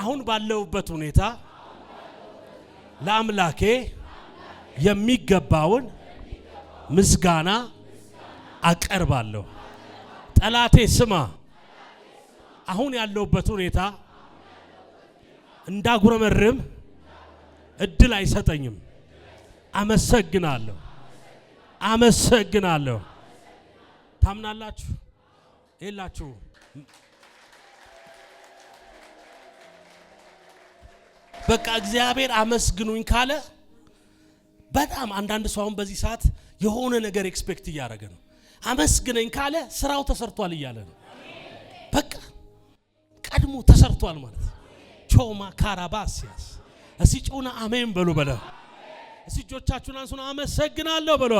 አሁን ባለውበት ሁኔታ ለአምላኬ የሚገባውን ምስጋና አቀርባለሁ። ጠላቴ ስማ፣ አሁን ያለውበት ሁኔታ እንዳጉረመርም እድል አይሰጠኝም። አመሰግናለሁ፣ አመሰግናለሁ። ታምናላችሁ የላችሁ? በቃ እግዚአብሔር አመስግኑኝ ካለ በጣም አንዳንድ ሰው አሁን በዚህ ሰዓት የሆነ ነገር ኤክስፔክት እያደረገ ነው። አመስግነኝ ካለ ስራው ተሰርቷል እያለ ነው። በቃ ቀድሞ ተሰርቷል ማለት ቾማ ሲያስ እሲ ጮና አሜን በሉ በለ እሲ እጆቻችሁን አንሱን አመሰግናለሁ በለ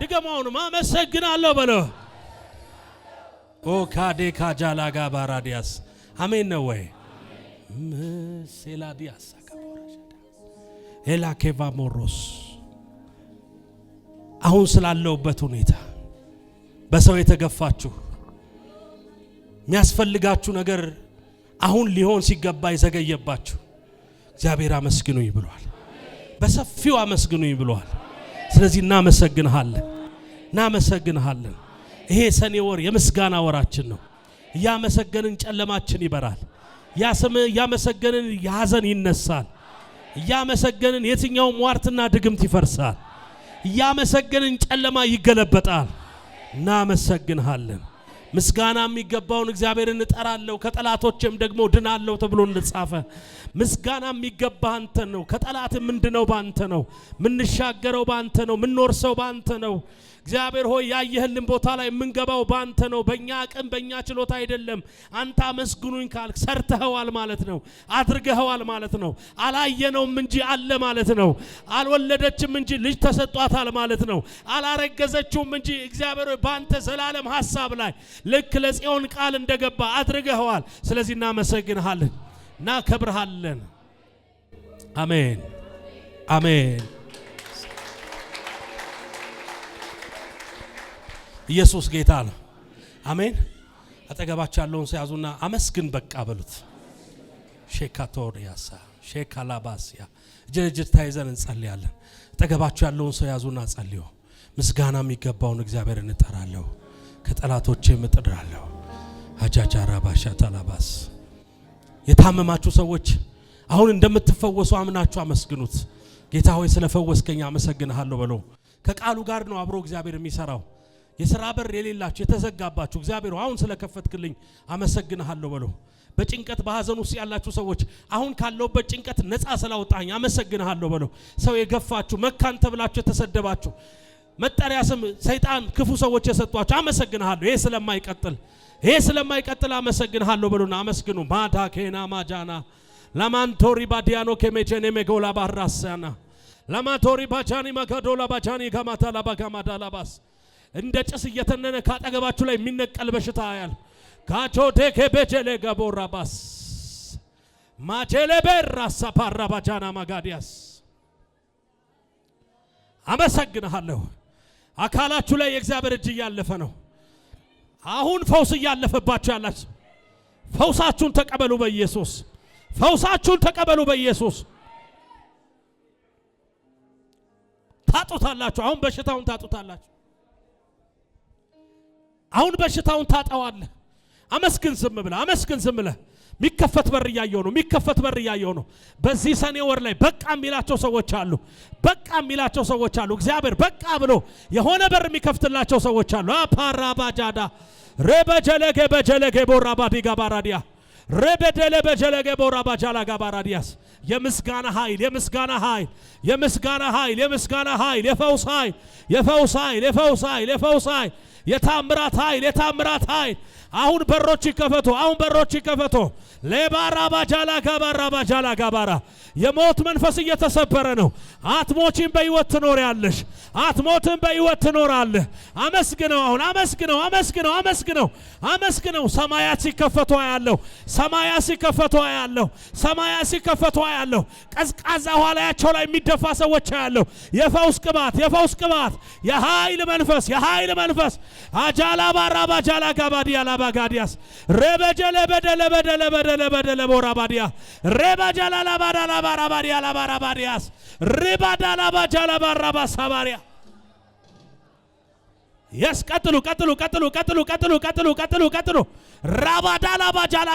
ድገማውንም አመሰግናለሁ በለ ኦ ካዴ ካጃላጋ ባራዲያስ አሜን ነው ወይ? ሴላዲያሳ ኤላኬቫ ሞሮስ አሁን ስላለውበት ሁኔታ በሰው የተገፋችሁ የሚያስፈልጋችሁ ነገር አሁን ሊሆን ሲገባ የዘገየባችሁ እግዚአብሔር አመስግኑኝ ብሏል። በሰፊው አመስግኑኝ ብሏል። ስለዚህ እናመሰግንሃለን፣ እናመሰግንሃለን። ይሄ ሰኔ ወር የምስጋና ወራችን ነው። እያመሰገንን ጨለማችን ይበራል። ያሰመ እያመሰገንን ሐዘን ይነሳል። እያመሰገንን የትኛው ሟርትና ድግምት ይፈርሳል። እያመሰገንን ጨለማ ይገለበጣል። እናመሰግንሃለን። ምስጋና የሚገባውን እግዚአብሔርን እጠራለሁ ከጠላቶችም ደግሞ ድናለሁ ተብሎ እንደጻፈ ምስጋና የሚገባ አንተ ነው። ከጠላት ምንድነው? ባንተ ነው። ምንሻገረው ባንተ ነው። ምንወርሰው ባንተ ነው። እግዚአብሔር ሆይ ያየህልን ቦታ ላይ የምንገባው በአንተ ነው፣ በእኛ አቅም በእኛ ችሎታ አይደለም። አንተ አመስግኑኝ ካልክ ሰርተኸዋል ማለት ነው፣ አድርገኸዋል ማለት ነው። አላየነውም እንጂ አለ ማለት ነው። አልወለደችም እንጂ ልጅ ተሰጧታል ማለት ነው። አላረገዘችውም እንጂ እግዚአብሔር ሆይ በአንተ ዘላለም ሀሳብ ላይ ልክ ለጽዮን ቃል እንደገባ አድርገኸዋል። ስለዚህ እናመሰግንሃለን፣ እናከብርሃለን። አሜን አሜን። ኢየሱስ ጌታ ነው። አሜን። አጠገባቸው ያለውን ሰው ያዙና አመስግን በቃ በሉት። ሼካቶሪያሳ ሼካላባሲያ ጅርጅር ተያይዘን እንጸልያለን። አጠገባቸው ያለውን ሰው ያዙና ጸልዩ። ምስጋና የሚገባውን እግዚአብሔር እንጠራለሁ፣ ከጠላቶቼ እጥራለሁ። አጃጃራ ባሻ ተላባስ የታመማችሁ ሰዎች አሁን እንደምትፈወሱ አምናችሁ አመስግኑት። ጌታ ሆይ ስለፈወስከኝ አመሰግንሃለሁ በለው። ከቃሉ ጋር ነው አብሮ እግዚአብሔር የሚሰራው። የሥራ በር የሌላችሁ የተዘጋባችሁ እግዚአብሔር አሁን ስለከፈትክልኝ አመሰግንሃለሁ በሉ። በጭንቀት በሐዘን ውስጥ ያላችሁ ሰዎች አሁን ካለውበት ጭንቀት ነፃ ስላወጣኝ አመሰግንሃለሁ በሉ። ሰው የገፋችሁ መካን ተብላችሁ የተሰደባችሁ መጠሪያ ስም ሰይጣን ክፉ ሰዎች የሰጧችሁ አመሰግንሃለሁ። ይሄ ስለማይቀጥል ይሄ ስለማይቀጥል አመሰግንሃለሁ በሉና አመስግኑ። ማዳ ኬና ማጃና ላማንቶሪ ባዲያኖ ኬሜቼን የሜጎላ ባራሳና ላማቶሪ ባቻኒ መከዶላ ባቻኒ ከማታላ ላባጋማዳ እንደ ጭስ እየተነነ ካጠገባችሁ ላይ የሚነቀል በሽታ ያል ካቾ ቴኬ ቤቼሌ ገቦራ ባስ ማቼሌ በራሳ ባጃና ማጋዲያስ አመሰግንሃለሁ። አካላችሁ ላይ የእግዚአብሔር እጅ እያለፈ ነው። አሁን ፈውስ እያለፈባችሁ ያላችሁ ፈውሳችሁን ተቀበሉ በኢየሱስ ፈውሳችሁን ተቀበሉ በኢየሱስ ታጡታላችሁ። አሁን በሽታውን ታጡታላችሁ። አሁን በሽታውን ታጠዋለህ። አመስግን ዝም ብለህ አመስግን ዝም ብለህ ሚከፈት በር እያየው ነው። ሚከፈት በር እያየው ነው። በዚህ ሰኔ ወር ላይ በቃ የሚላቸው ሰዎች አሉ። በቃ የሚላቸው ሰዎች አሉ። እግዚአብሔር በቃ ብሎ የሆነ በር የሚከፍትላቸው ሰዎች አሉ። አፓራባጃዳ ረበጀለገ በጀለገ ቦራባዲ ጋባራዲያ ረበደለ በጀለገ ቦራባጃላ ጋባራዲያስ የምስጋና ኃይል የምስጋና ኃይል የምስጋና ኃይል የምስጋና ኃይል የፈውስ ኃይል የፈውስ ኃይል የፈውስ ኃይል የፈውስ ኃይል የታምራት ኃይል የታምራት ኃይል አሁን በሮች ይከፈቱ። አሁን በሮች ይከፈቱ። ሌባራ ባጃላ ጋባራ ባጃላ ጋባራ የሞት መንፈስ እየተሰበረ ነው። አትሞችን በሕይወት ትኖሪያለሽ። አትሞትን በሕይወት ትኖራለህ። አመስግነው አሁን አመስግነው አመስግነው አመስግነው አመስግነው። ሰማያት ሲከፈቱ ያለው ሰማያት ሲከፈቱ ያለው ሰማያት ሲከፈቱ ያለሁ። ቀዝቃዛ ውሃ ላያቸው ላይ የሚደፋ ሰዎች ያለሁ። የፈውስ ቅባት፣ የፈውስ ቅባት፣ የኃይል መንፈስ፣ የኃይል መንፈስ አጃላ ባራ ባጃላ ጋባዲ ያላባ ጋዲያስ ረበጀለ በደለ በደለ በደለ በደለ ቦራ ባዲያ ረባጃላ ላባዳ ላባራ ባዲያ ላባራ ባዲያስ ሪባዳ ላባጃላ ባራ ባሳባሪያ ሳባሪያ የስ ቀጥሉ ቀጥሉ ቀጥሉ ቀጥሉ ቀጥሉ ቀጥሉ ቀጥሉ ቀጥሉ ራባዳ ላባ ጃላ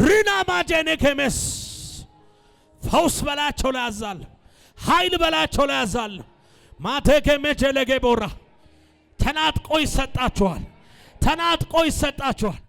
ሪና ማጀኔ ኬሜስ ፈውስ በላቸው ላይ ያዛለሁ። ኃይል በላቸው ላይ ያዛለሁ። ማቴ ኬሜቼ ለጌቦራ ተናጥቆ ይሰጣችኋል። ተናጥቆ ይሰጣችኋል።